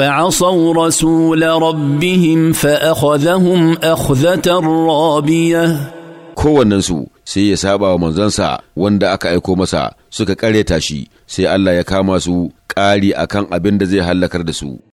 فعصوا رسول ربهم فأخذهم أخذة رابية kowannensu sai ya saba wa manzansa wanda aka aiko masa suka ƙareta shi sai Allah ya kama su ƙari akan abin da zai hallakar da su.